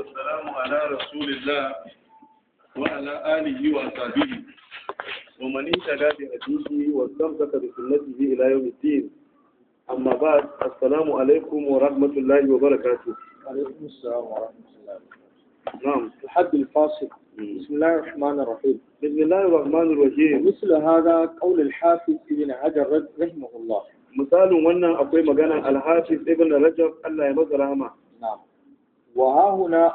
والسلام على رسول الله وعلى آله وأصحابه ومن اهتدى بهديه واستمسك بسنته إلى يوم الدين أما بعد السلام عليكم ورحمة الله وبركاته عليكم السلام ورحمة الله وبركاته نعم الحد الفاصل بسم الله الرحمن الرحيم بسم الله الرحمن الرحيم مثل هذا قول الحافظ ابن حجر رحمه الله misalin wannan akwai maganan alhafiz ibn rajab Allah ya maza rahama wa hahuna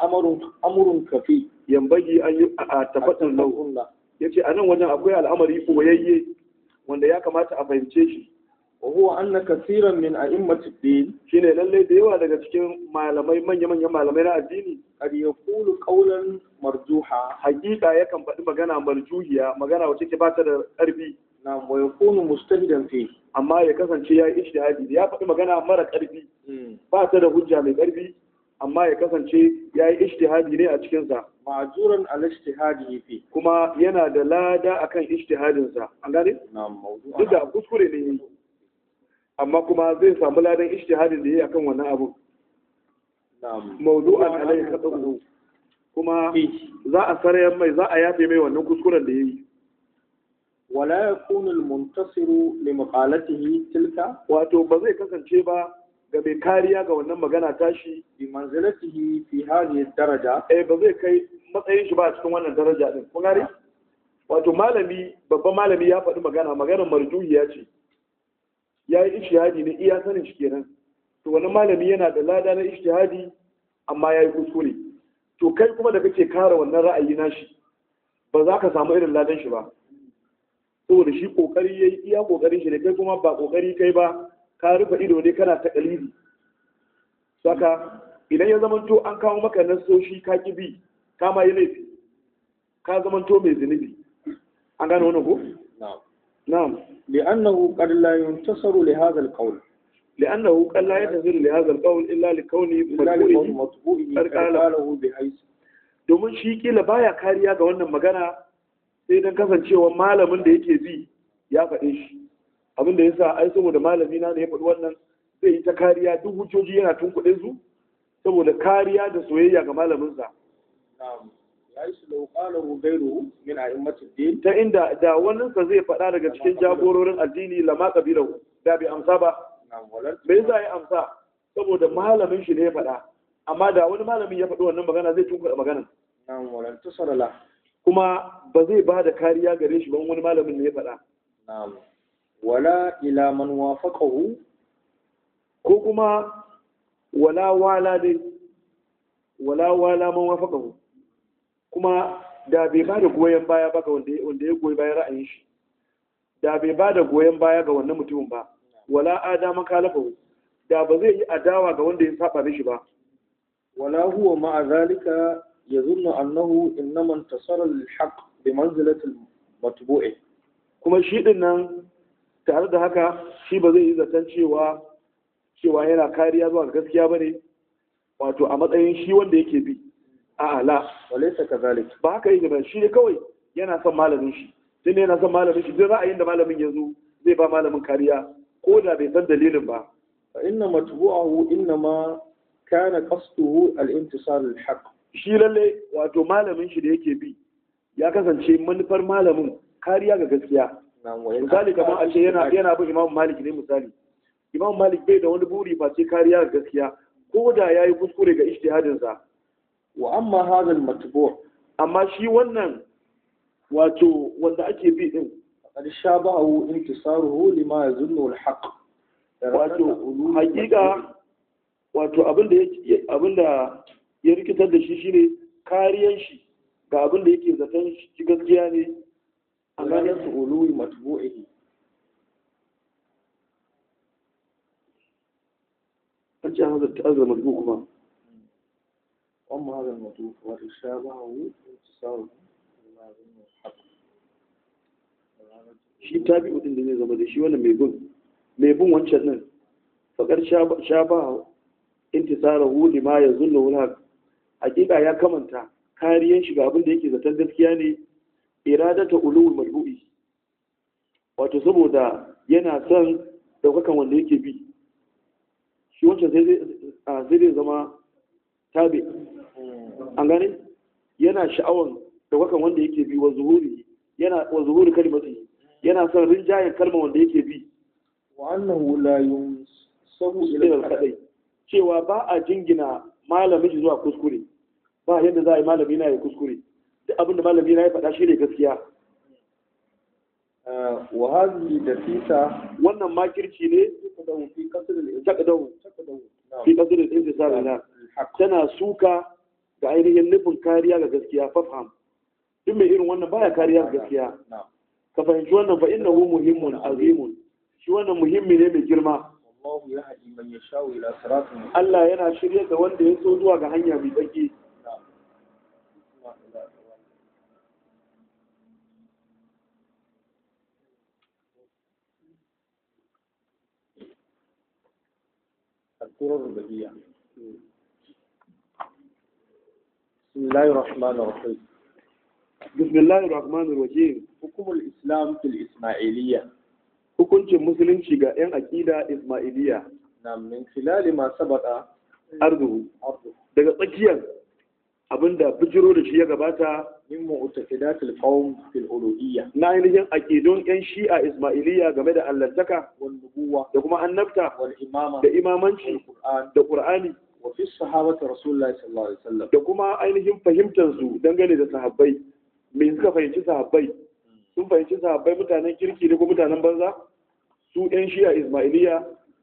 amrun kafi yambagi an a tafatan lauhunna yace a nan wajen akwai al'amari koyayye wanda ya kamata a fahimce shi wa huwa anna kasiran min a'immati din shine lalle da yawa daga cikin malamai manya manyan malamai na addini qad yaqulu qawlan marjuha haqiqa yakan faɗi magana marjuhiya magana wacce ke bata da ƙarfi na wa yakunu mustahidan fi amma ya kasance ya yi ijtihadi ya faɗi magana mara ƙarfi hmm. ba ta da hujja mai ƙarfi amma ya kasance ya yi ishtihadi ne a cikinsa. Ma'azuran al-ishtihadi fi. Kuma yana da lada akan ishtihadinsa. An gane? Duk da kuskure ne amma kuma zai samu ladan ishtihadin da ya yi akan wannan abu. Mawdu'an alayhi khatahu. Kuma za a sarayar mai za a yafe mai wannan kuskuren da ya yi. Wala ya al-muntasiru ne maqalatihi tilka wato ba zai kasance ba ga mai kariya ga wannan magana tashi bi manzilatihi fi hadhihi daraja eh ba zai kai matsayin shi ba cikin wannan daraja din kun gare wato malami babban malami ya faɗi magana maganar marjuhiya ce ya yi ishtihadi ne iya sanin shi kenan to wani malami yana da lada na ishtihadi amma ya yi kuskure to kai kuma da kake kare wannan ra'ayi na shi ba za ka samu irin ladan shi ba saboda shi kokari ya yi iya kokarin shi da kai kuma ba kokari kai ba ka rufe ido ne kana ta kalibi saka idan ya zamanto an kawo maka nasoshi ka ki bi ka ma yi laifi ka zamanto mai zunubi an gane wannan ko na'am na'am li'annahu qad la yuntasaru li hadha al-qawl لأنه qad la yuntasaru li hadha al-qawl illa li kawni domin shi kila baya kariya ga wannan magana sai dan kasancewa malamin da yake bi ya faɗe shi abinda ya sa ai saboda malami na da ya faɗi wannan zai yi ta kariya duk hujjoji yana tun kuɗin su saboda kariya da soyayya ga malaminsa ta inda da waninsa zai faɗa daga cikin jagororin addini lama ƙabilau, da bai amsa ba bai za ya amsa saboda malamin shi ne ya faɗa amma da wani malamin ya faɗi wannan magana zai kuɗa magana, kuma ba zai ba da kariya gare shi ba wani malamin ne ya faɗa wala ila man wafaqahu ko kuma wala wala dai wala wala man wafaqahu kuma da bai ba da goyon baya ba ga wanda ya goyi bayan ra'ayin shi da bai ba da goyon baya ga wannan mutumin ba wala adama kalafahu da ba zai yi adawa ga wanda ya saba mishi ba wala huwa ma'a zalika yazunnu annahu innama intasara lil haqq bi manzilati al matbu'i kuma shi din nan tare da haka shi ba zai yi zaton cewa cewa yana kariya zuwa gaskiya ba ne wato a matsayin shi wanda yake bi a ala walaisa kazalik ba haka yake ba shi ne kawai yana son malamin shi tunda yana son malamin shi duk ra'ayin da malamin ya zo zai ba malamin kariya ko da bai san dalilin ba fa inna matbu'ahu inna ma kana qasduhu al-intisar al-haq shi lalle wato malamin shi da yake bi ya kasance manufar malamin kariya ga gaskiya misali kamar a ce yana yana bin imam malik ne misali imam malik bai da wani buri face kariya ga gaskiya ko da yayi kuskure ga ijtihadin sa wa amma hadha al amma shi wannan wato wanda ake bi din qad shabahu intisaruhu lima yazunnu al-haq wato hakika wato abinda da abin ya rikitar da shi shine kariyan shi ga abinda yake zaton shi gaskiya ne ganin su uluwi matbu'ihi an ce hamza ta azza matbu kuma amma hadha matbu wa tashabahu intisaru shi tabi'u din da zai zama da shi wani mai bin mai bin wancan nan fakar shabahu intisarahu lima yazunnu haq hakika ya kamanta kariyan shiga abinda abin da yake zaton gaskiya ne iradata ulul madbu'i wato saboda yana son daukakan wanda yake bi shi wancan zai zai zama tabi an gane yana sha'awan daukakan wanda yake bi wa zuhuri yana wa zuhuri kalmati yana son rinjayen kalma wanda yake bi wa annahu la yunsabu ila al-qadai cewa ba a jingina malamin zuwa kuskure ba yadda za a yi malami na ya kuskure abinda malami na ya faɗa shi ne gaskiya eh, wa da dafisa wannan makirci ne fi qasr da intaqadahu fi na tana suka ga ainihin nufin kariya ga gaskiya fafham duk mai irin wannan baya kariya ga gaskiya ka fahimci wannan fa innahu muhimmun azimun shi wannan muhimmi ne mai girma Allah yana shirye da wanda ya so zuwa ga hanya mai tsaki surar rubaiya بسم الله الرحمن الرحيم بسم الله الرحمن الرحيم حكم الإسلام hukuncin musulunci ga 'yan aƙida ismailiya na min khilali ma sabata arduhu daga tsakiyar abinda bijiro da shi ya gabata min mu'taqidatil qawm fil uluhiyya na ainihin aqidun yan shi'a ismailiyya game da allantaka wal nubuwa da kuma annabta wal imama da imamanci da qur'ani wa fi sahabati rasulullahi sallallahu alaihi wasallam da kuma ainihin fahimtar su dangane da sahabbai me suka fahimci sahabbai hmm. sun fahimci sahabbai mutanen kirki ne ko mutanen banza su yan shi'a ismailiyya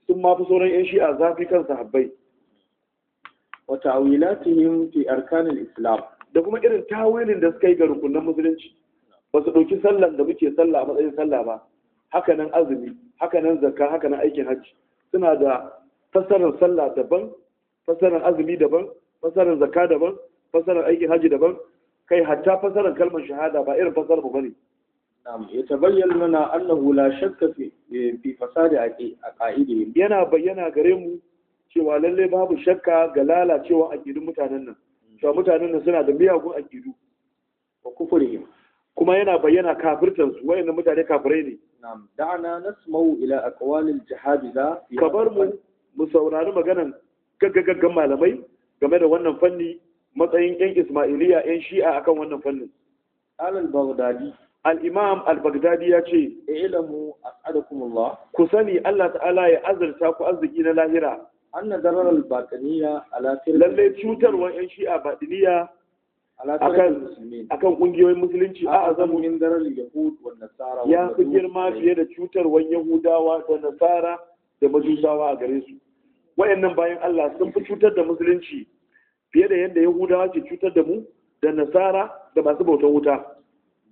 sun ma fi sauran yan shi'a zafi kan sahabbai wa ta'wilatihim fi arkanil islam da kuma irin tawilin da suka yi ga rukunan musulunci ba su ɗauki sallan da muke sallah a matsayin sallah ba haka nan azumi haka nan zakka haka nan aikin hajji suna da fassarar sallah daban fassarar azumi daban fassarar zakka daban fassarar aikin hajji daban kai hatta fassarar kalmar shahada ba irin fassarar ba ne Na'am, ya tabayyana lana annahu la shakka fi fasadi a ƙa'ide. Yana bayyana gare mu cewa lalle babu shakka ga lalacewa aƙidun mutanen nan cewa mutanen nan suna da miyagun aƙidu wa kufurihim kuma yana bayyana kafirtansu wayannan mutane kafirai ne na'am da'ana nasma'u ila aqwalil jahabiza kabar mu mu saurari maganan gaggagaggan malamai game da wannan fanni matsayin yan ismailiya yan shi'a akan wannan fannin alal baghdadi al-imam al-baghdadi ya ce ilamu as'adukumullah ku sani Allah ta'ala ya azurta ku arziki na lahira darar dararal batiniya ala lalle cutarwan yan shi'a batiniya akan akan kungiyoyin musulunci a azamu min daral yahud wa nasara ya fi girma fiye da cutarwan yahudawa da nasara da majusawa a gare su wayannan bayan Allah sun fi cutar da musulunci fiye da yadda yahudawa ke cutar da mu da nasara da masu bautar wuta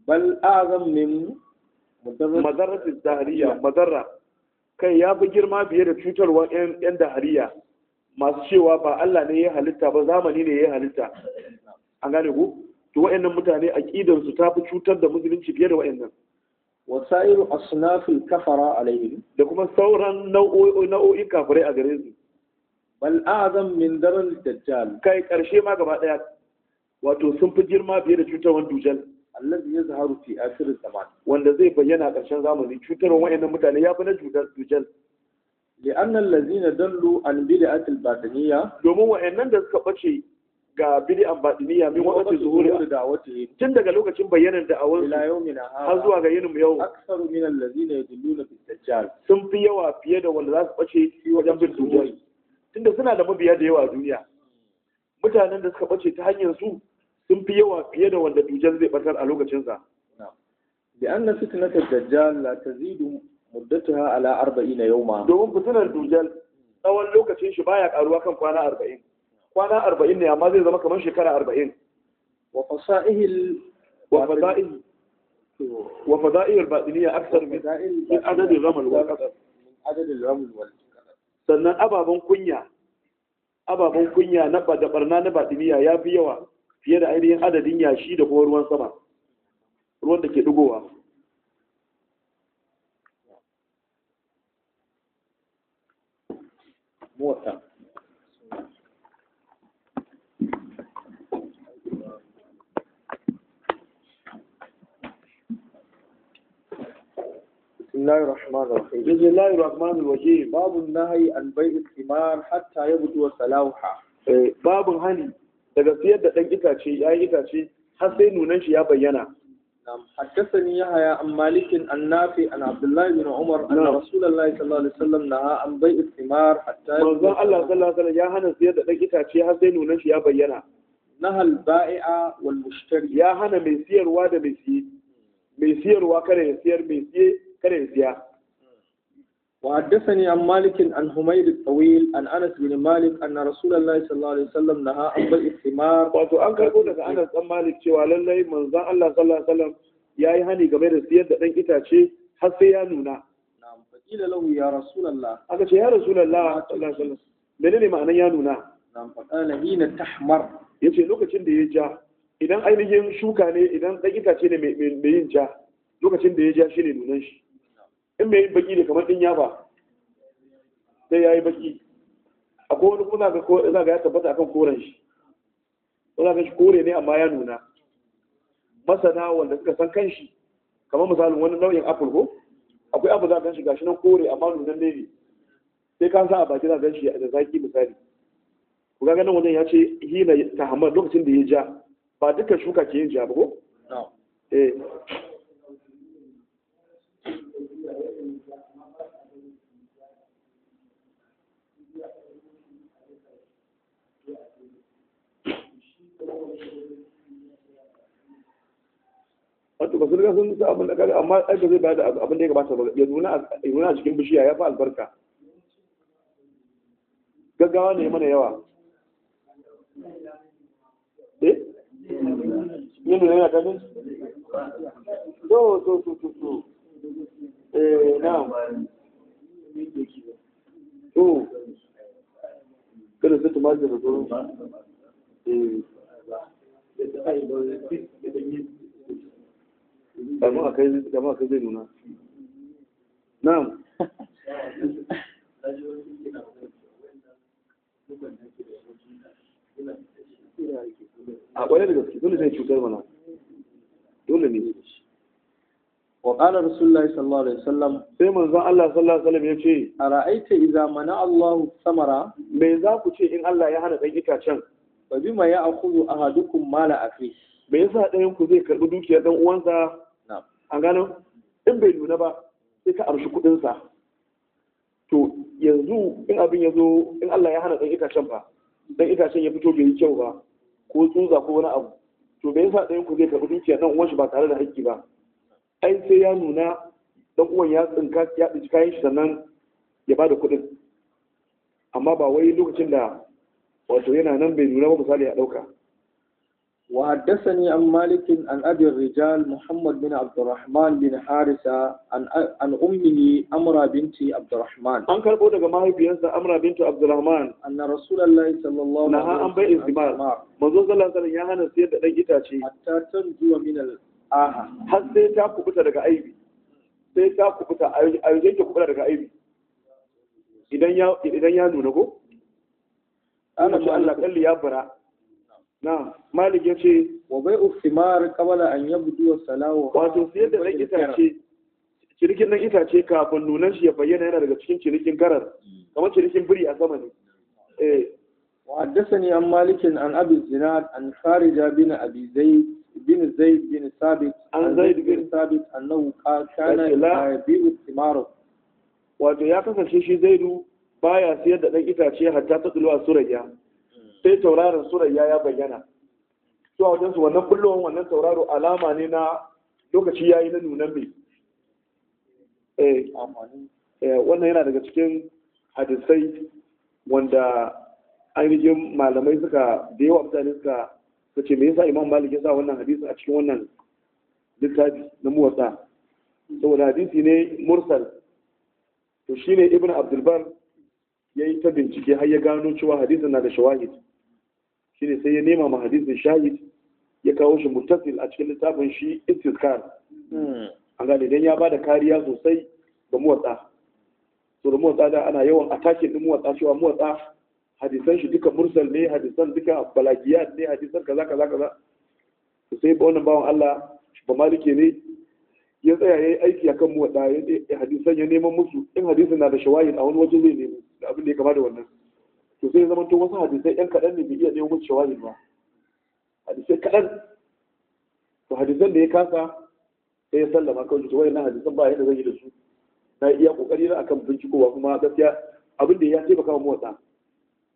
bal azam min madarratis zahiriya madarra kai ya fi girma fiye da cutarwa 'yan Hariya masu cewa ba Allah ne ya halitta ba zamani ne ya halitta an gane ku to wa'annan mutane aqidar su ta fi cutar da musulunci fiye da wa'annan wasairu asnafil kafara alaihim da kuma sauran nau'o'i nau'o'i kafirai a gare su bal azam min daral dajjal kai karshe ma gaba daya wato sun fi girma fiye da cutarwar dujal allazi yazharu fi akhir zaman wanda zai bayyana a ƙarshen zamani cutar wayannan mutane ya fi na cutar dujal لأن الذين دلوا عن بدعة الباطنية domin wayannan da suka bace ga bid'an batiniya min wakati zuhuri da'awati tun daga lokacin bayanan da'awar ila yawmina har zuwa ga yinin yau aktsaru min allazina yadulluna bid dajjal sun fi yawa fiye da wanda za su bace fi wajen bin dujal tunda suna da mabiya da yawa a duniya mutanen da suka bace ta hanyar su sun fi yawa fiye da wanda dujan zai batar a lokacinsa da an na ta dajjal la tazidu muddatuha ala arba'ina ma? domin fitinar dujal tsawon lokacin shi baya karuwa kan kwana arba'in kwana arba'in ne amma zai zama kamar shekara arba'in wa fasa'ihil wa fasa'ihil batiniya aksar min adadin ramal wal qadar adadin ramal wal sannan ababen kunya ababen kunya na da barna na batiniya ya fi yawa fiye da ainihin adadin yashi da kuma ruwan sama ruwan da ke dugowa muwata بسم الله الرحمن الرحيم بسم الله الرحمن الرحيم باب النهي عن بيع الثمار حتى يبدو صلاحها باب هني daga siyar da ɗan itace ya yi itace har sai nunan shi ya bayyana حدثني يحيى عن مالك عن نافع عن عبد الله بن عمر ان رسول الله صلى الله عليه وسلم نهى عن بيع الثمار حتى منزل الله صلى الله عليه وسلم يا هنا itace har sai nunan ya bayyana nahal bai'a wal mushtari ya hana mai siyarwa siye mai kada ya siya وحدثني عن مالك عن حميد الطويل عن انس بن مالك ان رسول الله صلى الله عليه وسلم نهى عن بيع الثمار wato an karbo daga Anas dan Malik cewa lallai manzon Allah sallallahu alaihi wasallam yayi hani game da siyar da dan itace har sai ya nuna na'am faqila lahu ya rasulullah aka ce ya rasulullah sallallahu alaihi wasallam menene ma'anan ya nuna na'am faqala hina tahmar yace lokacin da ya ja idan ainihin shuka ne idan dan itace ne mai yin ja lokacin da ya ja shine nunan shi in mai yin baki ne kamar din ba sai ya yi baki akwai wani kuma za ga ya tabbata akan koren shi za ga shi kore ne amma ya nuna masana wanda suka san kan shi kamar misalin wani nau'in apple ko akwai abu za ka shi gashi nan kore amma nunan ne ne sai ka sa a baki za ka shi a zaki misali ku ga ganin wajen ya ce hina ta hamar lokacin da ya ja ba duka shuka ke yin ja ba ko eh wato ba su riga sun sa abin da kare amma ai ba zai bada abin da ya gabata ba ya nuna a cikin bishiya ya fa albarka gaggawa ne mana yawa eh yin ne yana kafin so so so so so eh na'am to kada su tumatir da zuwa eh kafin a kai zai nuna na'am a kwaye da gaske dole zai cutar mana dole ne wa qala rasulullahi sallallahu alaihi wasallam sai manzon Allah sallallahu alaihi wasallam yace ara'aita idza mana Allahu samara me za ku ce in Allah ya hana dan itacen fa bima ya akhudhu ahadukum mala akhi me yasa ɗayan ku zai karɓi dukiyar ɗan uwansa A gano in bai nuna ba sai ka arshi kuɗinsa to yanzu in abin ya zo in Allah ya hana ɗan itacen ba ɗan itacen ya fito bai kyau ba ko tsutsa ko wani abu to bai yasa ɗayan ku zai karɓi dukiya nan uwan shi ba tare da hakki ba ai sai ya nuna ɗan uwan ya tsinka ya dace kayan shi sannan ya bada kuɗin amma ba wai lokacin da wato yana nan bai nuna ba misali ya ɗauka وحدثني عن مالك عن ابي الرجال محمد بن عبد الرحمن بن حارثه عن امه امرا بنت عبد الرحمن ان كربو daga mahaifiyarsa amra bint abd الرحمن ان رسول الله صلى الله عليه وسلم نهى عن بيع da dan itace hatta tan zuwa min al sai ta kubuta daga aibi sai ta kubuta ayi zai ta kubuta daga aibi idan ya idan ya nuna ko Allah na malik ya ce wa bai ufimar kabala an yabdu wa salawa wato siyar da ɗan itace cinikin ɗan itace kafin nunan shi ya bayyana yana daga cikin cirikin karar hmm. kamar cirikin biri a sama ne وحدثني eh. عن an عن ابي الزناد عن خارجه بن bin زيد بن zai بن sabis عن زيد بن ثابت انه قال كان يبيع الثمار wato ya kasance shi zaidu baya siyar da dan itace hatta ta tsulu a suraya sai tauraron surar ya bayyana su a wajensu wannan kullum wannan tauraro alama ne na lokaci yayi na nunan mai eh, eh, wannan yana daga cikin hadisai wanda ainihin malamai suka da yawa mutane suka ce me yasa imam malik ya sa wannan hadisi a cikin wannan littafi na muwatsa saboda hadisi ne mursal to shine ibn abdulbar ya yi ta bincike har ya gano cewa hadisin na da shawahid shine sai ya nema mahadisin shahid ya kawo shi muttasil a cikin littafin shi istiskar an gane dan ya bada kariya sosai ga muwatsa to da muwatsa da ana yawan attacking din muwatsa cewa muwatsa hadisan shi duka mursal ne hadisan duka balagiyat ne hadisan kaza kaza kaza to sai ba wannan bawan Allah ba malike ne ya tsaya yayi aiki akan muwatsa ya hadisan ya neman musu in hadisin na da shawahid a wani waje zai nemo da abin da ya kama da wannan to sai zama to wasu hadisai ɗan kaɗan ne bai iya ɗaya wuce wani ba hadisai kaɗan to hadisan da ya kasa sai ya sallama kawai to wani hadisan ba yadda zai yi da su na iya kokari na akan ba kuma gaskiya abin da ya taimaka wa motsa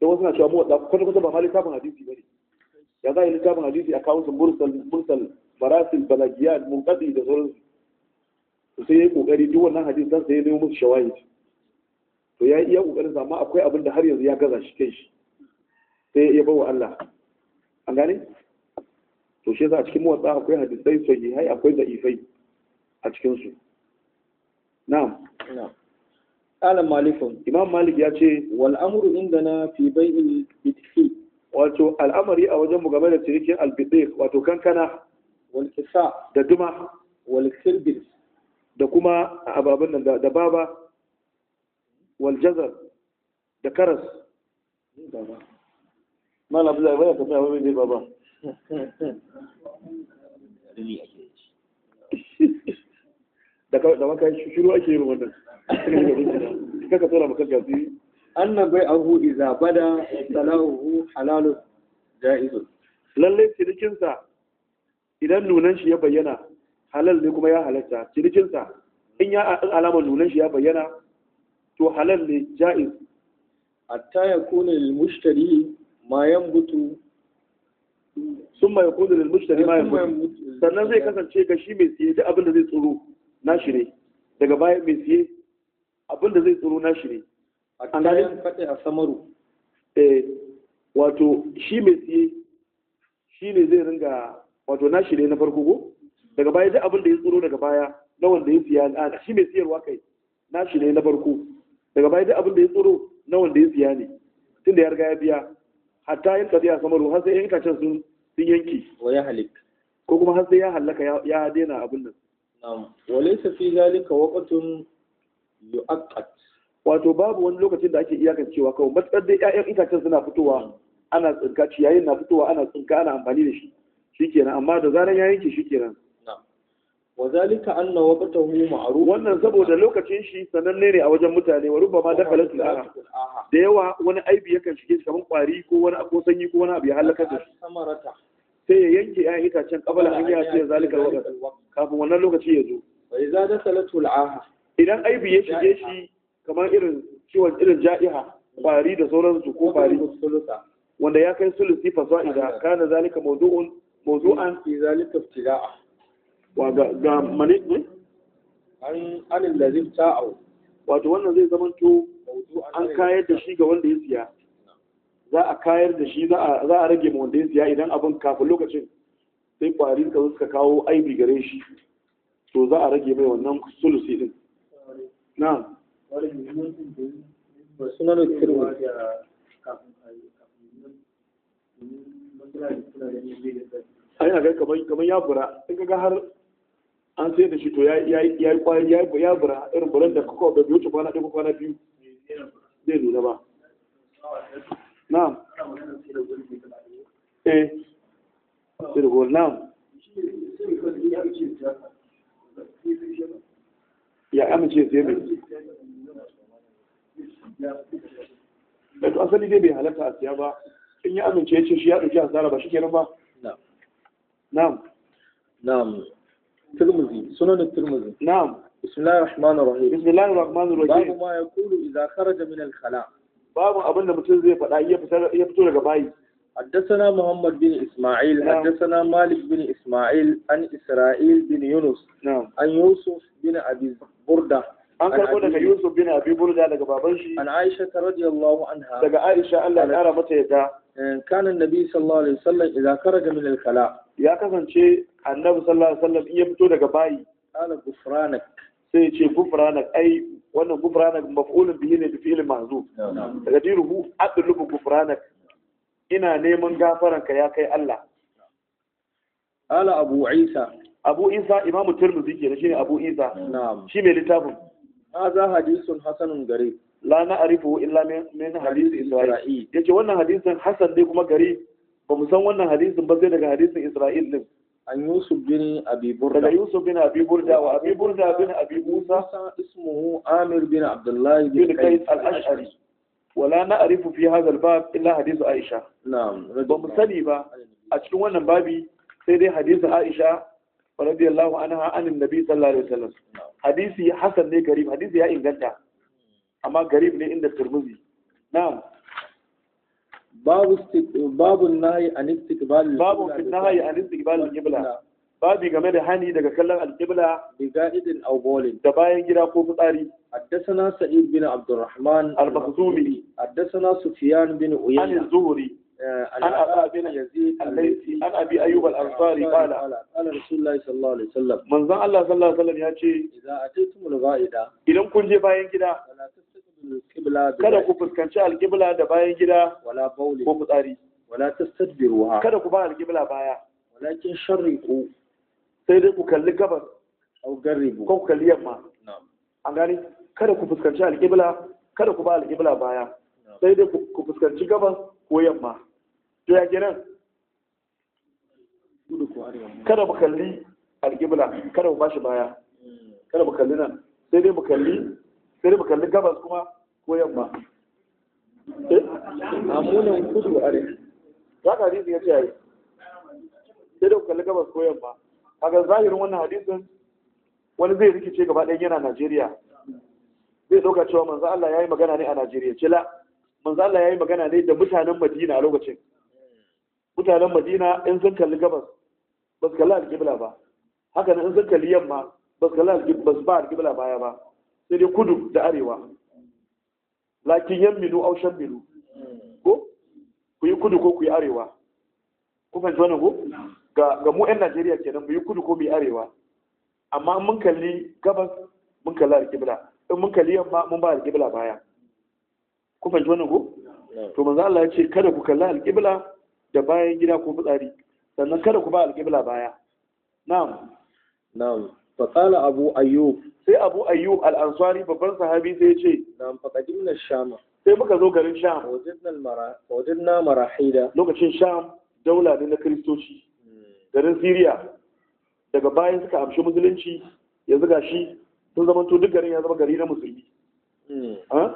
sai wasu na cewa motsa kwata kwata ba ma littafin hadisi ba ne ya za a yi littafin hadisi a kawo su mursal mursal barasil balagiya munkadi da sauransu sai ya yi kokari duk wannan hadisan sai ya nemo musu shawahid to ya yi iya ƙoƙarin amma akwai abin da har yanzu ya gaza shi kan shi sai ya bawa Allah an gane to shi yasa a cikin motsa akwai hadisai hai akwai da'ifai a cikin su na'am qala malikun imam malik ya ce wal amru indana fi bai'il bidhi wato al'amari a wajen mu game da cinikin albidhi wato kankana wal kisa da duma wal kirbis da kuma ababen nan da baba والجزر da karas ما abu zai ولا tafiya wani ne بابا da maka shiru ake wannan kaka maka annan bai abu iza bada salahu halalu ja'izu lallai cinikinsa idan nunan shi ya bayyana halal ne kuma ya halatta cinikinsa in ya alamar nunan shi ya bayyana to halal ne ja'iz hatta ya kuna lil mushtari ma yanbutu summa yakunu lil mushtari ma yambutu sannan zai kasance ga shi mai siye duk abin da zai tsoro na shi ne daga baya mai siye abin da zai tsoro na shi ne a kayan faɗi a samaru eh wato shi mai siye shi ne zai ringa wato na shi ne na farko ko daga baya duk abin da ya tsoro daga baya na wanda ya siya shi mai siyarwa kai na shi ne na farko daga baya duk abin da ya tsoro na wanda ya siya ne tunda ya riga ya biya hatta yin a samaru har sai yan kacin sun sun yanki wa ya halik ko kuma har sai ya halaka ya daina abin nan na'am wa laysa fi zalika waqtun yu'aqqat wato babu wani lokacin da ake iyakancewa kawai matsar dai ƴaƴan itacen suna fitowa ana tsinka ciyayin na fitowa ana tsinka ana amfani da shi shikenan amma da zaran ya yanke shikenan wa zalika anna waqtahu ma'ruf wannan saboda lokacin shi sananne ne a wajen mutane wa ma dakhalat al da yawa wani aibi yakan shige shi kaman kwari ko wani ko sanyi ko wani abu ya halaka da shi sai ya yanke ya itacen kabala an ya ce zalika waqt kafin wannan lokaci ya zo wa idza dakhalat al idan aibi ya shige shi kamar irin ciwon irin ja'iha kwari da sauransu ko kwari wanda ya kai sulusi fasa'ida kana zalika mawdu'un mawdu'an fi zalika ibtida'a wa ga mani ne an anil lazim ta'au wato wannan zai zama to an kayar da shi ga wanda ya siya za a kayar da shi za a rage ma wanda ya siya idan abin kafin lokacin sai kwari suka suka kawo aibi gare shi to za a rage mai wannan sulusi din na sunan tirmidhi ai na ga kamar ya fura in ga har an sai da shi to ya yi ya ya bura irin buran da kuka da biyu kwana ɗaya kwana biyu zai nuna ba na'am eh sai na. na'am ya amince sai mai da eh, to asali dai bai halatta a siya ba in ya amince ya ce shi ya ɗauki hasara ba shi kenan ba na'am na'am الترمذي سنن الترمذي نعم بسم الله الرحمن الرحيم بسم الله الرحمن الرحيم باب ما يقول إذا خرج من الخلاء باب أبن متل زي فدا يفتو daga bayi حدثنا محمد بن إسماعيل نعم. حدثنا مالك بن إسماعيل عن إسرائيل بن يونس نعم. عن يوسف بن أبي بردة an karɓo daga Yusuf bin Abi Burda daga baban shi an Aisha radiyallahu anha daga Aisha Allah ya kara mata yadda كان النبي صلى الله عليه وسلم إذا خرج من الخلاء ya kasance annabi sallallahu alaihi wasallam in ya fito daga bayi ala gufranak sai ce gufranak ai wannan gufranak maf'ulun bihi ne bi fi'il daga taqdiruhu adlubu gufranak ina neman gafaranka ya kai Allah ala abu isa abu isa imamu tirmidhi shi shine abu isa shi mai littafin hadha hadithun hasanun gari la na'rifu illa min hadith isra'il yace wannan hadisin hasan ne kuma gari ba mu san wannan hadisin ba sai daga hadisin Isra'il din an Yusuf bin Abi Burda daga Yusuf bin Abi Burda wa Abi Burda bin Abi Musa ismuhu Amir bin Abdullah bin Qais al-Ash'ari wala na'rifu fi hadha al-bab illa hadith Aisha na'am ba mu sani ba a cikin wannan babi sai dai hadisin Aisha radiyallahu anha anin nabi sallallahu alaihi wasallam hadisi hasan ne garib hadisi ya inganta hmm. amma garib ne inda Tirmidhi na'am babu babu nahi an istiqbal babu fi nahi an istiqbal al babu game da hani daga kallon al-qibla bi ga'idin aw da bayan gida ko fitsari haddathana sa'id bin abdurrahman al-makhzumi haddathana sufyan bin uyayna عن أبا بن يزيد الليثي عن أبي أيوب الأنصاري قال قال رسول الله صلى الله عليه وسلم من ذا الله صلى الله عليه وسلم يأتي إذا أتيتم الغائدة إذا كنت باين كده kada ku fuskanci alƙibla da bayan gida wala bauli ko fitsari wala tastadbiruha kada ku ba alƙibla baya walakin sharriqu sai dai ku kalli gabas au garribu ko ku kalli yamma an gani kada ku fuskanci alƙibla kada ku ba alƙibla baya sai dai ku fuskanci gabas ko yamma to ya kenan kada mu kalli alƙibla kada mu bashi baya hmm. kada mu kalli nan sai dai mu kalli sai dai mu kalli gabas kuma ko yamma Eh? amunan kudu a rai za ka hadisi ya ce yayi sai da kalli gabas ko yamma kaga zahirin wannan hadisin wani zai rikice gaba ɗaya yana Najeriya zai ɗauka cewa manzo Allah ya yi magana ne a Najeriya ce la manzo Allah ya yi magana ne da mutanen Madina a lokacin mutanen Madina in sun kalli gabas ba su kalli alƙibla ba haka nan in sun kalli yamma ba su kalli ba su ba alƙibla baya ba sai dai kudu da arewa lakin yan minu au shan minu ko ku yi kudu ko ku yi arewa ku fahimci wannan ko ga mu yan Najeriya kenan mu yi kudu ko mu yi arewa amma mun kalli gabas mun kalli alkibla. in mun kalli yamma mun ba alƙibla baya ku fahimci wannan ko to manzo Allah ya ce kada ku kalli alkibla da bayan gida ko fitsari sannan kada ku ba alkibla baya na'am na'am fa qala abu ayyub sai abu ayyub al'ansuwari babban sahabi sai ce na faqadin na shama sai muka zo garin sham mara haida. lokacin sham daula ne na kristoci hmm. garin siriya daga bayan suka amshi musulunci yanzu ga shi sun zama to duk garin ya zama gari na musulmi hmm.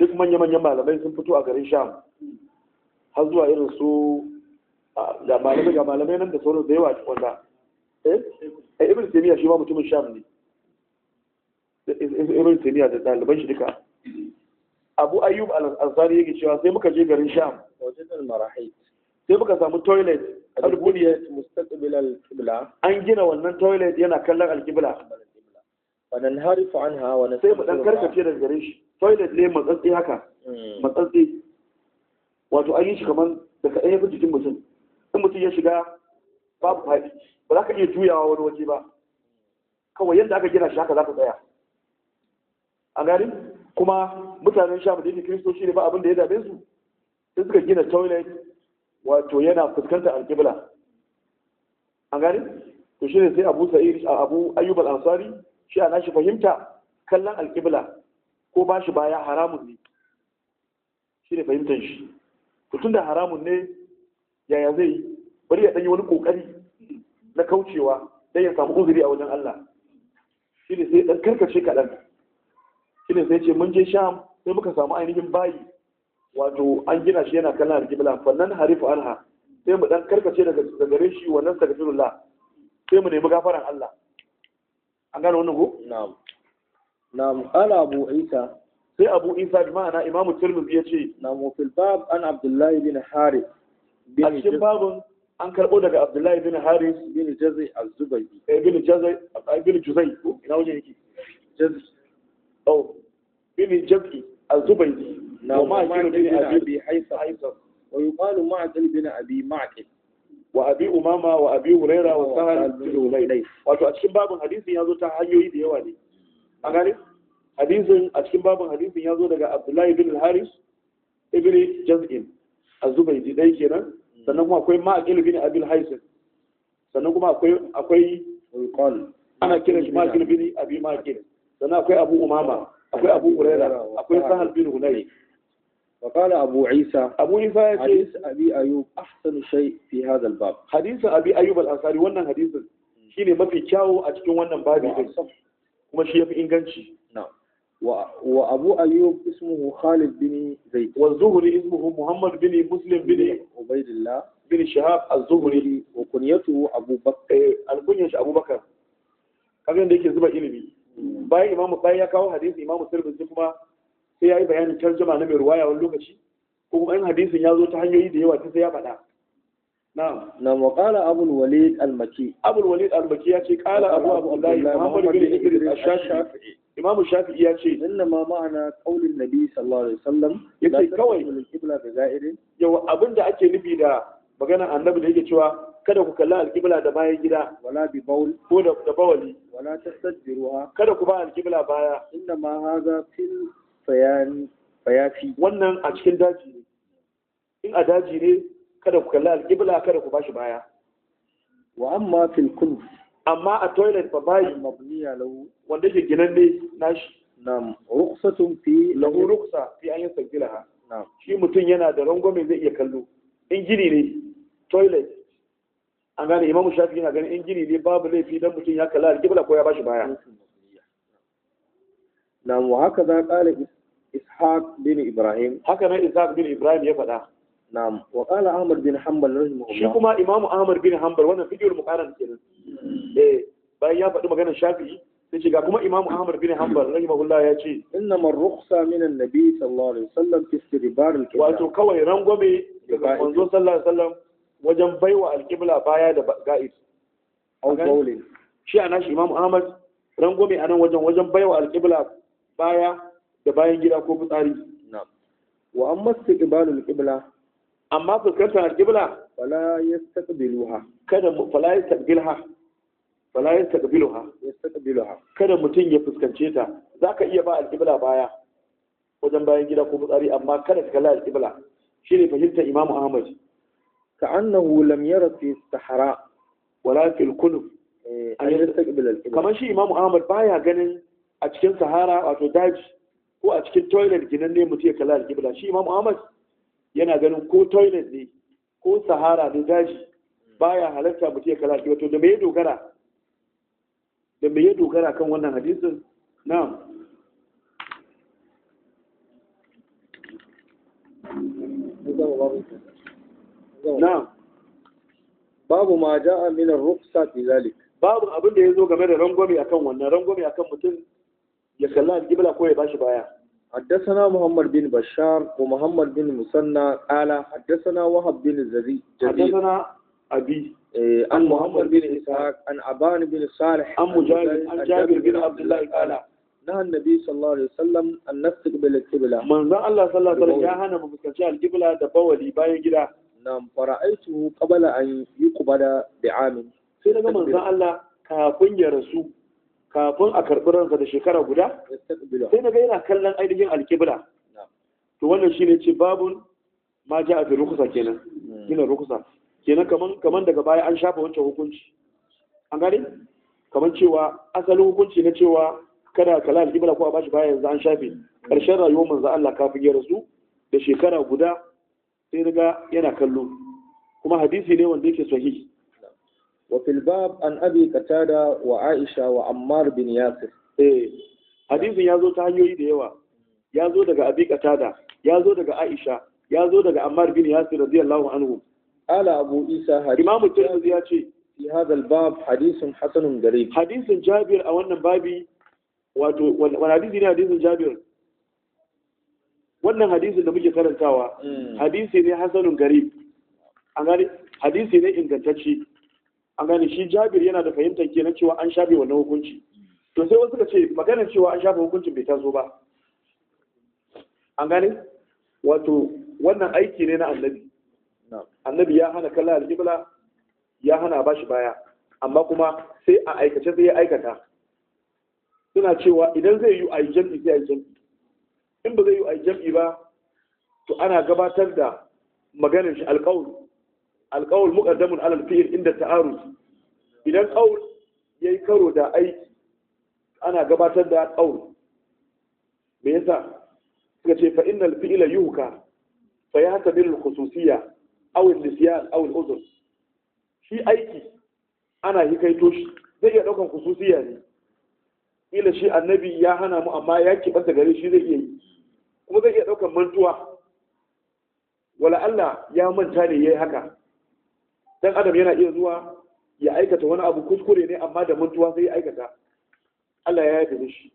duk manya-manyan malamai sun fito a garin sham har zuwa irin su ga malamai nan da sauran da yawa wanda eh? eh, ibn taimiyya shi ma mutumin sham ne ibn taymiya da ɗaliban shi duka abu ayyub al-ansari yake cewa sai muka je garin sham sai muka samu toilet an gina wannan toilet yana kallon al wannan harifu anha wa sai mu dan karkace daga garin shi toilet ne matsatsi haka hmm. matsatsi wato an yi shi kamar daga ayyukan jikin mutum in mutum ya shiga babu faɗi ba za ka iya juyawa wani waje ba kawai yadda aka gina shi haka za ka tsaya a gari kuma mutanen sha da yake shi ne ba abin da ya dame su sai suka gina toilet wato yana fuskantar alkibla. a gari to shi ne sai abu sa'ir abu ayyub al-ansari shi ana shi fahimta kallon alkibla ko ba shi baya haramun ne shi ne fahimtar shi to da haramun ne yaya zai yi bari ya ɗanyi wani ƙoƙari na kaucewa don ya samu uzuri a wajen Allah shi ne sai ɗan karkace kaɗan shine sai ce mun je sham sai muka samu ainihin bayi wato an gina shi yana kallon alƙibla fannan harifu anha sai mu dan karkace daga gare shi wannan sakatullah sai mu nemi gafaran Allah an gane wannan ko na'am na'am ala abu isa sai abu isa bi ma'ana imamu tirmidhi ce na'am wa fil bab an abdullahi bin harith bin cikin babun an karbo daga abdullahi bin harith bin jazai az-zubaydi eh, bin jazai eh, bin juzai ina wajen yake jazai أو بن جبي الزبيدي ومعجل بن أبي حيثم ويقال معجل بن أبي معجل وأبي أمامة وأبي هريرة وسهل بن هليل wato a cikin babin hadisin ya zo ta hanyoyi da yawa ne a gane a cikin babin hadisin ya zo daga Abdullahi bin Haris ibn Jaz'in az-Zubaydi dai kenan sannan kuma akwai Ma'qil bin Abi al sannan kuma akwai ana kiran shi Ma'qil bin Abi Ma'qil sannan akwai abu umama akwai abu uraira akwai sahal bin hunayy وقال أبو عيسى أبو عيسى حديث أبي أيوب أحسن شيء في هذا الباب حديث أبي أيوب الأنصاري وانا حديث شيني ما في كاو أتكون وانا بابي كما شيء في إنجانشي نعم وأبو أيوب اسمه خالد بن زيد والزهري اسمه محمد بن مسلم بن عبيد الله بن شهاب الزهري وكنيته أبو بكر الكنية أبو بكر كان عندك زبا إلمي bayan imamu bayan ya kawo hadisi imamu tirmidhi kuma sai ya yi bayanin tarjuma na mai ruwaya wani lokaci kuma in hadisin ya zo ta hanyoyi da yawa sai ya faɗa na'am na muqala abul walid al-maki abul walid al-maki ya ce qala abu abdullahi muhammad bin idris ash-shafi'i Imam shafi'i ya ce inna ma ma'ana qaulin nabi sallallahu alaihi wasallam yace kawai yawa abinda ake nufi da magana annabi da yake cewa kada ku kalla alƙibla da bayan gida wala bi baul ko da da bawali wala tastajjiruha kada ku ba alƙibla baya Inda ma haza fil bayani bayafi wannan a cikin daji ne in a daji ne kada ku kalla alƙibla kada ku bashi baya wa amma fil kunf amma a toilet fa bayi mabniya lahu wanda ke ginan ne nashi nam ruksatun fi lahu Ruksa, fi an yasajjilaha nam shi mutum yana da rangwame zai iya kallo in gini ne toilet an gane imamu shafi yana ganin in gini ne babu laifi dan mutum ya kalla aljibla ko ya bashi baya na mu haka za ƙala ishaq bin ibrahim haka nan ishaq bin ibrahim ya faɗa na'am wa qala ahmad bin hanbal rahimahullah shi kuma Imam ahmad bin hanbal wannan fiqhul muqaran kenan eh bayan ya faɗi maganar Shafi. sai ce ga kuma Imam ahmad bin hanbal rahimahullah ya ce inna man rukhsa min annabi sallallahu alaihi wasallam fi istidbar al wato kawai rangwame daga manzo sallallahu alaihi wasallam wajen baiwa alƙibla baya da ga'id shi a nashi imam ahmad rangwame a nan wajen wajen baiwa alƙibla baya da bayan gida ko fitsari wa an masu ibalul ƙibla amma fuskantar alƙibla fala ya kada fala fala kada mutum ya fuskance ta za ka iya ba alƙibla baya wajen bayan gida ko fitsari amma kada ka kalli alƙibla shi ne fahimtar imamu ahmad كأنه لم يرى في الصحراء ولا في الكتب أن يستقبل القبلة كما شيء إمام أحمد بايا جنن cikin sahara wato daji ko a cikin toilet ginan ne mutum ya kalla shi imam ahmad yana ganin ko toilet ne ko sahara ne daji baya halarta mutum ya kalla alƙibla to da me ya dogara da me ya dogara kan wannan hadisin na'am na'am babu ma ja'a min ar-rukhsa fi zalik babu abin da yazo game da rangwame akan wannan rangwame akan mutum ya kalla al-qibla ko ya bashi baya حدثنا محمد بن بشار ومحمد بن مسنى قال حدثنا وهب بن الزري حدثنا أبي إيه عن محمد بن إسحاق عن أبان بن صالح عن مجاهد عن جابر بن عبد الله قال نهى النبي صلى الله عليه وسلم أن نستقبل القبلة من ذا الله صلى الله عليه وسلم يا هنا مفكرش القبلة دبوا لي باين كده nam fara'aitu kabala an da bi'amin sai daga manzon Allah kafin ya rasu kafin a karɓi ransa da shekara guda sai daga yana kallon ainihin alkibla to wannan ne ce babun ma ja a rukusa kenan gina hmm. rukusa kenan kaman kaman daga baya an shafa wancan hukunci an gane kaman cewa asalin hukunci na cewa kada kala alkibla ko a bashi baya yanzu an shafe hmm. ƙarshen rayuwar manzan Allah kafin ya rasu da shekara guda sai riga yana kallo kuma hadisi ne wanda yake sahihi wa fil bab an abi qatada wa aisha wa ammar bin yasir eh hadisin ya zo ta hanyoyi da yawa ya zo daga abi qatada ya zo daga aisha ya zo daga ammar bin yasir radiyallahu anhu ala abu isa hadisi imamu tirmidhi ya ce fi hadha bab hadithun hasanun gharib hadisin jabir a wannan babi wato wani hadisi ne hadisin jabir wannan hadisin da muke karantawa mm. hadisi ne hasanun gari an hadisi ne ingantacce an gane shi jabir yana da fahimtar kenan cewa an shafe wannan hukunci to sai wasu ka ce maganar cewa an shafe hukunci bai taso ba an gane wato wannan aiki ne na annabi annabi ya hana kalla aljibla ya hana ba shi baya amma kuma sai a aikace sai ya aikata suna cewa idan zai yi a yi jam'i sai a yi jam'i in ba zai yi a jam'i ba to ana gabatar da maganin shi alƙawul alƙawul muƙaddamun alal fi'il inda ta'aruz idan qaul yayi karo da aiki ana gabatar da qaul me yasa suka ce fa innal fi'ila yuhka fa ta bil khususiyya aw al-nisyan aw al-udhr shi aiki ana hikaito shi zai iya daukan khususiyya ne ila shi annabi ya hana mu amma ya kibanta gare shi zai iya yi kuma zai iya ɗaukar mantuwa wala Allah ya manta ne yayi haka dan adam yana iya zuwa ya aikata wani abu kuskure ne amma da mantuwa sai ya aikata Allah ya yarda shi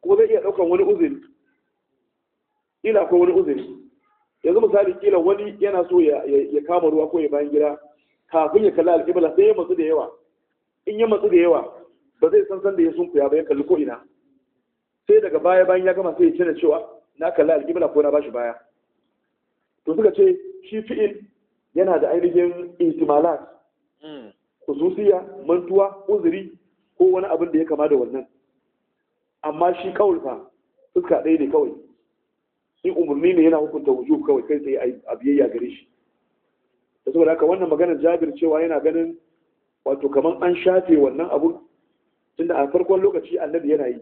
kuma zai iya ɗaukar wani uzuri ila ko wani uzuri yanzu misali kila wani yana so ya kama ruwa ko ya bayan gida kafin ya kalli alƙibla sai ya matsu da yawa in ya matsu da yawa ba zai san san da ya sunkuya ba ya kalli ko ina sai daga baya bayan ya gama sai ya cire cewa na kalli alƙibla ko na bashi baya to suka ce shi fi'il yana da ainihin ihtimalat hmm. khususiya mantuwa uzuri ko wani abin da ya kama da wannan amma shi kawul fa fuska ɗaya ne kawai in umarni ne yana hukunta wujub kawai kai sai a biyayya gare shi da saboda haka wannan maganar jabir cewa yana ganin wato kamar an shafe wannan abu. tunda a farkon lokaci annabi yana yi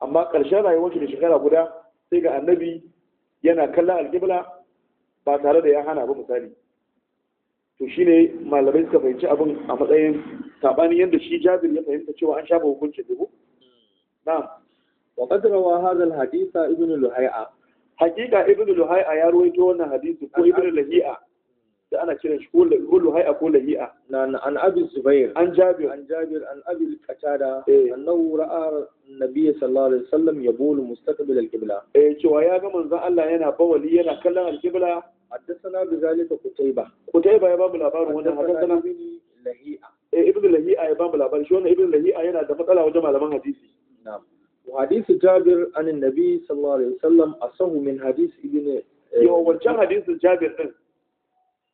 amma ƙarshen rayuwar shi da shekara guda sai ga annabi yana kalla alƙibla ba tare da ya hana ba misali to shine malamai suka fahimci abin a matsayin sabanin yadda shi jabir ya fahimta cewa an shafa hukuncin dubu na'am wa qad hadha al hadith ibn luhai'a haqiqa ibn luhai'a ya ruwaito wannan hadisi ko ibn lahi'a da ana kiran shi kullu hay'a ko lahi'a na an abi zubair an jabir an jabir an abi qatada eh. annahu ra'a nabiy sallallahu alaihi wasallam yabulu mustaqbil al-qibla eh cewa ya ga manzon Allah yana bawali yana kallon al-qibla حدثنا بذلك قتيبة قتيبة يا باب الأبار وانا حدثنا ابن لهيئة ابن لهيئة يا باب الأبار شون ابن لهيئة ينا دفت على وجمع لمن حديثي نعم وحديث جابر عن النبي صلى الله عليه وسلم أصه من حديث ابن يو وانشان حديث جابر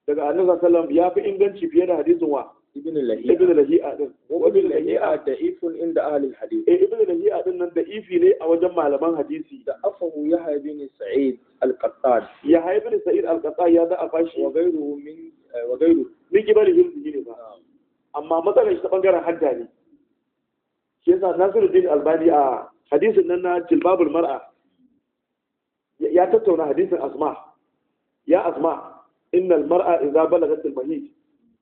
daga annabi sallallahu ya fi inganci fiye da hadisin wa ibn lahiya ibn lahiya din ibn lahiya da ifun inda ahli hadith eh ibn lahiya din nan da ifi ne a wajen malaman hadisi da afahu yahya bin sa'id al-qattan yahya bin sa'id al-qattan ya da afashi wa gairuhu min eh, wa gairu min kibali hilmi ne ba amma matsalar shi ta bangaren hadda ne shi yasa Nasiruddin Albani a hadisin nan na jilbabul mar'a ya tattauna hadisin asma ya asma innal mar'a idza balagat al mahij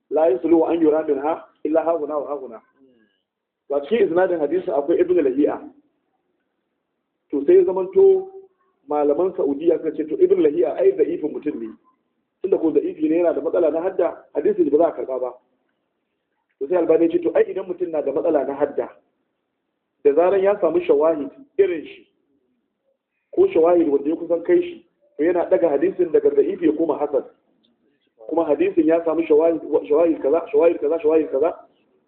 la yaslu an yura minha illa hauna wa hauna wa cikin isnadin hadisin akwai ibn lahiya to sai ya zamanto malaman saudiya suka ce to ibn lahiya ai da mutum ne tunda ko da ifi yana da matsala na hadda hadisin ba a karba ba to sai ce to ai idan mutum na da matsala na hadda da zaran ya samu shawahid irin shi ko shawahid wanda ya kusan kai shi to yana ɗaga hadisin daga da'ifi ya koma hasan kuma hadisin ya samu shawahid kaza shawahid kaza shawahid kaza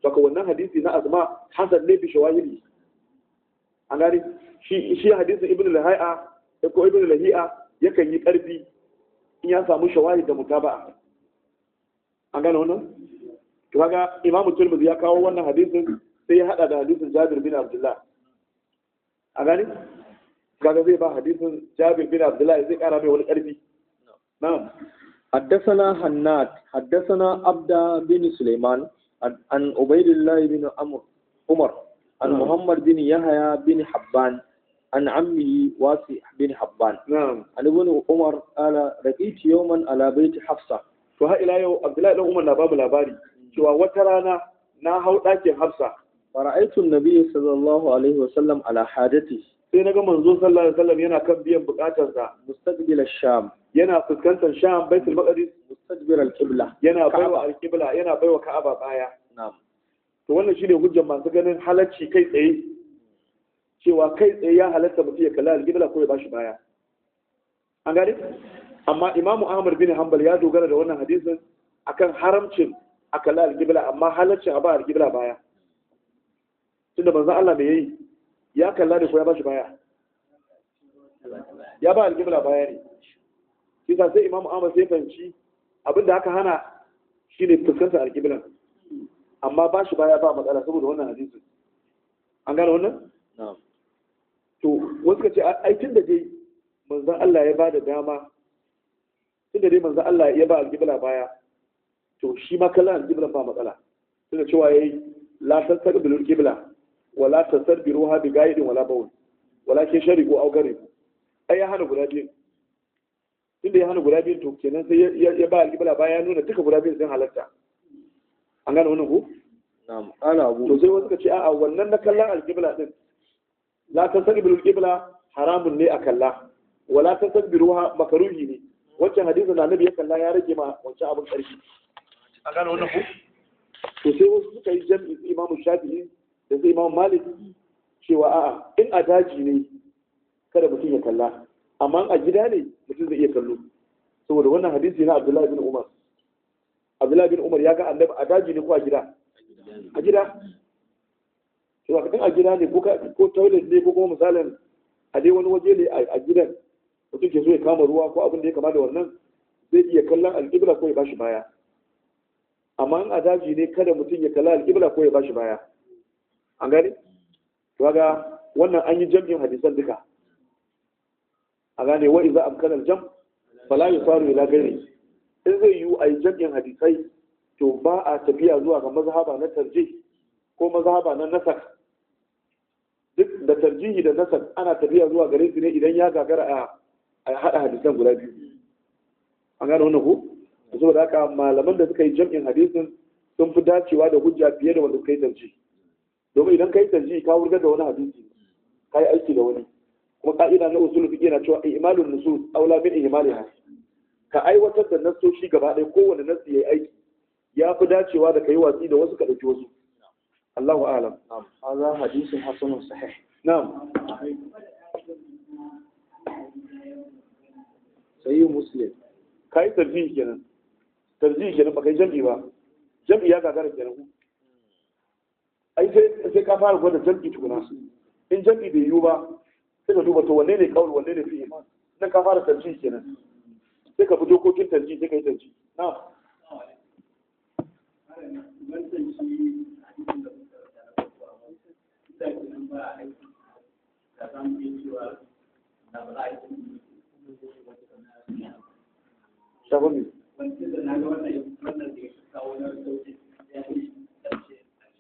saka wannan hadisi na azma hasan ne bi shawahidi an gani shi shi hadisin ibnu lahi'a ko ibnu lahi'a yakan yi karfi in ya samu shawahid da mutaba'a an gani wannan to kaga imamu tirmidhi ya kawo wannan hadisin sai ya hada da hadisin jabir bin abdullah An gani kaga zai ba hadisin jabir bin abdullah zai kara mai wani karfi na'am حدثنا حناد حدثنا عبد بن سليمان عن عبيد الله بن عمر عن محمد بن يحيى بن حبان عن عمه واسع بن حبان نعم عن ابن عمر قال رأيت يوما على بيت حفصة فها إلى يوم عبد الله بن عمر لباب لباري شوى وترانا na hau ɗakin hafsa fara'aitun nabi sallallahu alaihi wasallam ala hajati sai na ga manzo sallallahu alaihi wasallam yana kan biyan sa mustaqbil sham yana fuskantar sham baitul maqdis mustaqbil al-qibla yana baiwa al-qibla yana baiwa ka'aba baya na'am to wannan shine hujjar masu ganin halacci kai tsaye cewa kai tsaye ya halatta mutum ya kala al-qibla ko ya bashi baya an gane amma imamu ahmad bin hanbal ya dogara da wannan hadisin akan haramcin a kalla al-qibla amma halaccin a ba al-qibla baya tunda manzo Allah me yayi ya kalla da ko ya bashi baya ya ba alƙibla baya ne shi sai imamu ahmad sai fahimci abinda aka hana shi ne fuskantar alƙiblan amma ba shi baya ba matsala saboda wannan hadisin an gane wannan to wasu ka ce aikin da dai manzan Allah ya ba da dama tunda dai manzan Allah ya ba alƙibla baya to shi ma kalla alƙiblan ba matsala tunda cewa yayi la tasar bilul wala tasarbiru ha bi gaidin wala bawl wala ke sharibu au garibu ai ya hana guda biyu inda ya hana guda biyu to kenan sai ya ba alƙibla baya nuna duka guda biyu sun halatta an gane wannan ku na'am ala abu to sai wasu ka ce a'a wannan na kallon alƙibla din la tasarbiru alƙibla haramun ne a kalla wala tasarbiru ha makaruhi ne wancan hadisin da annabi ya kalla ya rage ma wancan abin ƙarfi an gane wannan ku to sai wasu suka yi jam'i imamu shafi'i da sai imam malik cewa a'a in a daji ne kada mutum ya kalla amma a gida ne mutum zai iya kallo saboda wannan hadisi na abdullahi bin umar abdullahi bin umar ya ga annabi a daji ne ko a gida a gida cewa kadan a gida ne ko toilet ne ko kuma misalin a dai wani waje ne a gidan mutum ke so ya kama ruwa ko abin da ya kama da wannan zai iya kallon alƙibla ko ya bashi baya amma in a daji ne kada mutum ya kalla alƙibla ko ya bashi baya an gani? waga wannan an yi jam'in hadisan duka a gane wa iza amkanar jam fala faru ila gani in zai yiwu a yi jam'in hadisai to ba a tafiya zuwa ga mazhaba na tarji ko mazhaba na nasar duk da tarjihi da nasar ana tafiya zuwa gare su ne idan ya gagara a haɗa hadisan guda biyu an gane wannan ko saboda haka malaman da suka yi jam'in hadisin sun fi dacewa da hujja fiye da wanda suka yi tarjihi domin idan kai tarjihi ka wurgar da wani hadisi ka yi aiki da wani kuma ka'ida na usul fiqh yana cewa i'malun nusus aula min ihmaliha ka aiwatar da nassoshi gaba ɗaya kowane nassi yayi aiki ya fi dacewa da kai watsi da wasu ka ɗauki wasu Allahu a'lam hadha hadisun hasanun sahih na'am sayyid muslim kai tarjihi kenan tarjihi kenan ba kai jam'i ba jam'i ya gagara kenan ai sai ka fara gwada jam'i tukuna in jam'i bai yiwu ba sai ka duba to wanne ne kawai, wanne ne fi'il nan ka fara tarji kenan sai ka bi dokokin tarji sai ka yi tarji ne? Wanda na ga wannan wannan da ya kawo na ya fi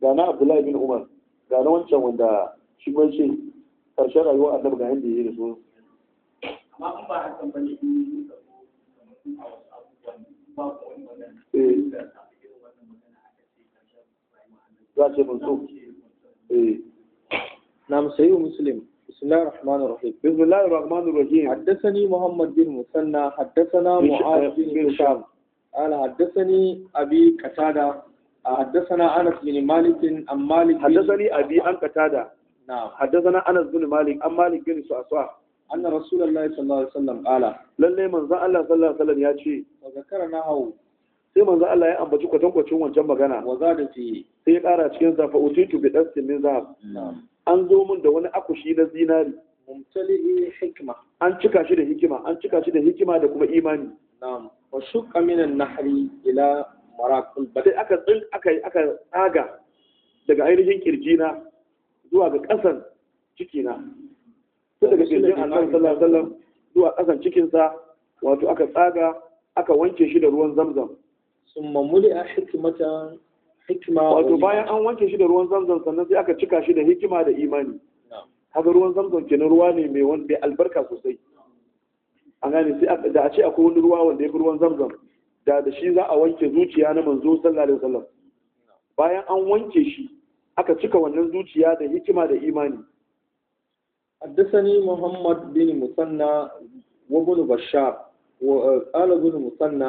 ga na abdullahi bin umar ga na wancan wanda shi man ce ƙarshen rayuwa a ga yadda yi da su za ce mun so na musayi wa muslim bismillah ar-rahman ar-rahim bismillah ar-rahman ar-rahim haddathani muhammad bin musanna haddathana mu'adh bin hisham قال حدثني ابي قتاده حدثنا انس بن مالك عن مالك حدثني ابي عن قتاده نعم حدثنا انس بن مالك عن مالك بن سعسع ان رسول الله صلى الله عليه وسلم قال لله من ذا الله صلى الله عليه وسلم ياتي وذكرنا هو sai manzo Allah ya ambaci kwatankwacin wancan magana wa za da fi sai ya kara cikin sa fa utitu bi dasin min zahab an zo mun da wani akushi na zinari mumtali hikma an cika shi da hikima an cika shi da hikima da kuma imani na'am wa shuqqa min an-nahri ila Ba dai aka tsin aka aka tsaga daga ainihin na zuwa ga kasan na sai daga kirjin Allah sallallahu alaihi wasallam zuwa kasan cikinsa wato aka tsaga aka wanke shi da ruwan zamzam summa a hikmatan hikma wato bayan an wanke shi da ruwan zamzam sannan sai aka cika shi da hikima da imani haka ruwan zamzam kenan ruwa ne mai wanda albarka sosai an gane sai da a ce akwai wani ruwa wanda ya fi ruwan zamzam da da shi za a wanke zuciya na manzo sallallahu alaihi bayan an wanke shi aka cika wannan zuciya da hikima da imani haddathani muhammad bin musanna wa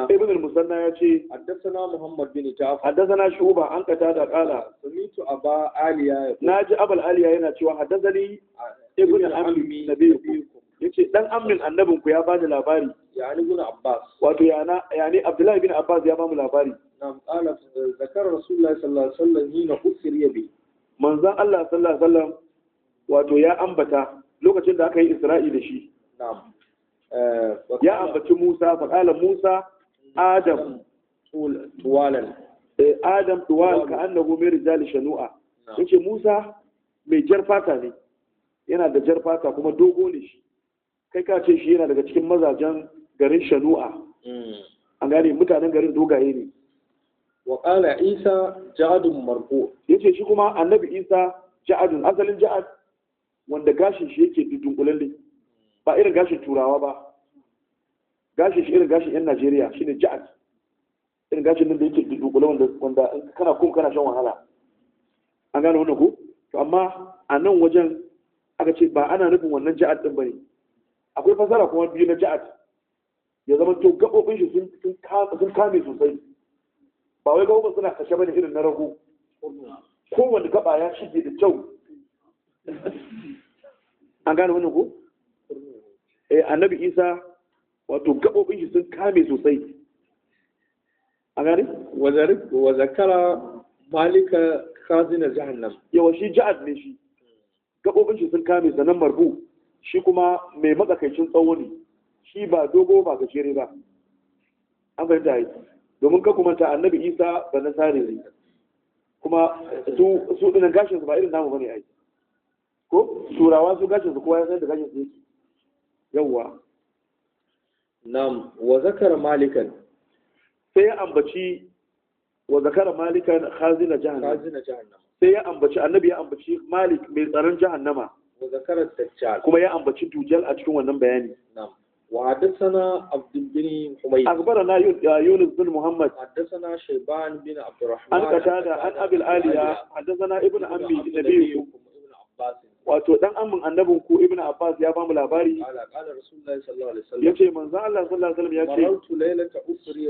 ibn eh, yace haddathana muhammad bin ta'af haddathana shuba an kata da qala sumitu aba aliya naji abal aliya yana cewa haddathani ah, ibn amri nabiyyu yace dan ammin annabin ku ya bani labari ya ni abbas wato yana yani abdullahi bin abbas ya bamu labari nam qala zakar rasulullahi sallallahu alaihi wasallam hina usriya bi manzon allah sallallahu alaihi wasallam wato ya ambata lokacin da aka yi isra'i da shi na'am eh, ya ambaci musa fa qala musa adam tuwalan eh, adam tuwal ka annahu min rijal shanu'a yace musa mai jar fata ne yana da jar fata kuma dogo ne shi kai ka ce shi yana daga cikin mazajen garin shanu'a hmm. an gane mutanen garin dogaye ne wa isa ja'adun Marko. Ya ce shi kuma annabi isa ja'adun asalin ja'ad wanda gashin shi yake dudunkulalle ba irin gashin turawa ba gashin shi irin gashin yan Najeriya shi ne ja'ad irin gashin nan da yake dudunkulalle wanda wanda kana kun kana shan wahala an gane wannan ko to amma a nan wajen aka ce ba ana nufin wannan ja'ad din ne. akwai fasara kuma biyu na ja'at ya zama to gabobin shi sun kame sosai ba wai gabobin suna kashe bane irin na rago Kowanne gaba ya shige da kyau an gane wannan ko eh annabi isa wato gabobin shi sun kame sosai an gane wa wazakara malika kazina jahannam yawa shi ja'ad ne shi gabobin shi sun kame sanan marbu shi kuma mai matsakaicin tsawo ne shi ba dogo ba ga shere ba an fahimta yi domin ka kuma ta annabi isa ba na sare ne kuma su dinan gashin su ba irin namu bane ai ko turawa su gashin su kowa ya san da gashin su yake yawwa nam wa malikan sai ya ambaci wa zakara malikan khazina jahannam khazina jahannam sai ya ambaci annabi ya ambaci malik mai tsaron jahannama kuma ya ambaci dujal a cikin wannan bayani وحدثنا عبد بن حميد أخبرنا يونس بن محمد حدثنا شيبان بن عبد الرحمن عن قتادة عن العالية حدثنا ابن عمي wato dan amin annabin ku ibnu abbas ya bamu labari yace manzo Allah sallallahu alaihi wasallam ya ce laylata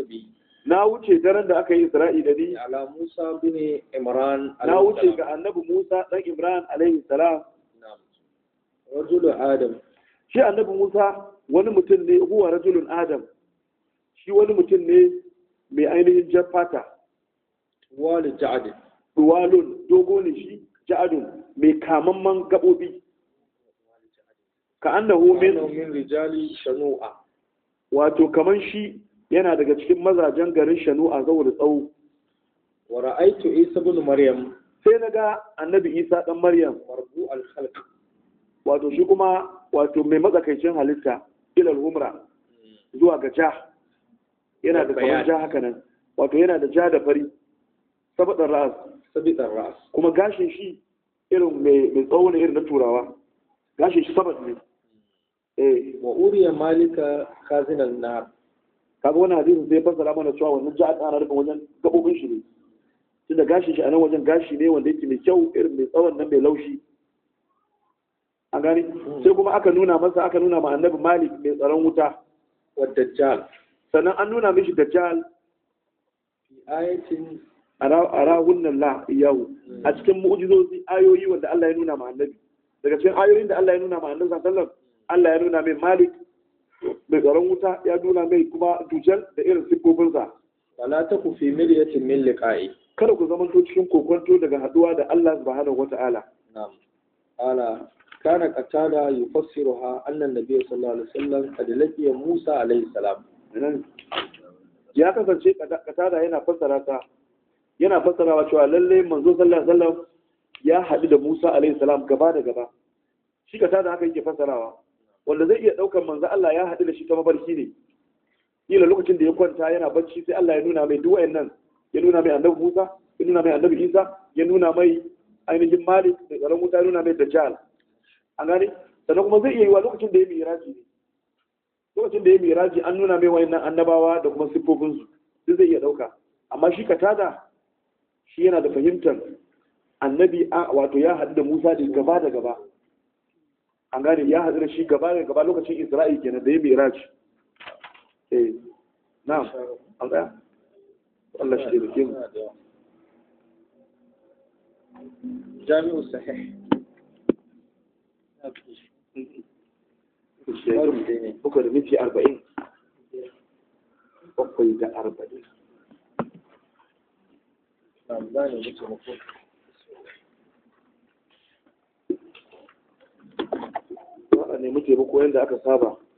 bi na wuce daren da aka yi isra'i da ni ala musa bin imran na wuce ga annabi musa dan imran alaihi salam rajulun adam shi annabi musa wani mutum ne huwa rajulun adam shi wani mutum ne mai ainihin jaffata fata walin walun dogo ne shi ja'adun mai kamamman gabobi ka da homin rijali shanu'a wato kaman shi yana daga cikin mazajen garin shanu'a saboda tsawo wa ra'aitu isa bin maryam sai naga annabi isa dan maryam marbu al khalq wato shi kuma wato mai matsakaicin halitta ilal umra zuwa ga ja yana da kamar ja haka nan wato yana da ja da fari sabitan ra'as sabitan ra'as kuma gashin shi irin mai mai tsawo ne irin na turawa gashin shi sabat ne eh wa uriya malika kazinan na kaga wannan hadisin zai fassara mana cewa wannan ja ana rufin wajen gabobin shi ne tunda gashin shi a nan wajen gashi ne wanda yake mai kyau irin mai tsawon nan mai laushi a gani hmm. sai kuma aka nuna masa aka nuna ma annabi malik mai tsaron wuta wa dajjal sannan an nuna mishi dajjal ayatin nan la yau. Hmm. a cikin mu'ujizozi ayoyi wanda Allah ya nuna ma annabi daga cikin ayoyin da Allah ya nuna ma annabi sallallahu Allah ya nuna mai malik mai tsaron wuta ya nuna mai kuma dujal da irin sifofinsa wala ta ku fi miliyatin min liqa'i kada ku zama cikin kokonto daga haduwa da Allah subhanahu wata'ala na'am ala كان قتادة يفسرها أن النبي صلى الله عليه وسلم قد لقي موسى عليه السلام ya kasance katada yana fassara ta yana fassarawa cewa lalle manzo sallallahu alaihi wasallam ya haɗu da Musa alaihi salam gaba da gaba shi katada haka yake fassarawa wanda zai iya daukar manzo Allah ya haɗu da shi ta mafarki ne kila lokacin da ya kwanta yana bacci sai Allah ya nuna mai duk wayannan ya nuna mai annabi Musa ya nuna mai annabi Isa ya nuna mai ainihin Malik da tsaron wuta ya nuna mai Dajjal a gane sannan kuma zai iya yi wa lokacin da ya miraji ne lokacin da ya miraji an nuna mai wani annabawa da kuma siffofinsu duk zai iya ɗauka amma shi ka tada. shi yana da fahimtar annabi a wato ya haɗu da musa da gaba da gaba an gane ya haɗu da shi gaba da gaba lokacin isra'i kenan da ya miraji eh na. Allah shi jami'u sahih Uku da arba'in. Bakwai da arba'in. a nemi taimako yadda aka saba.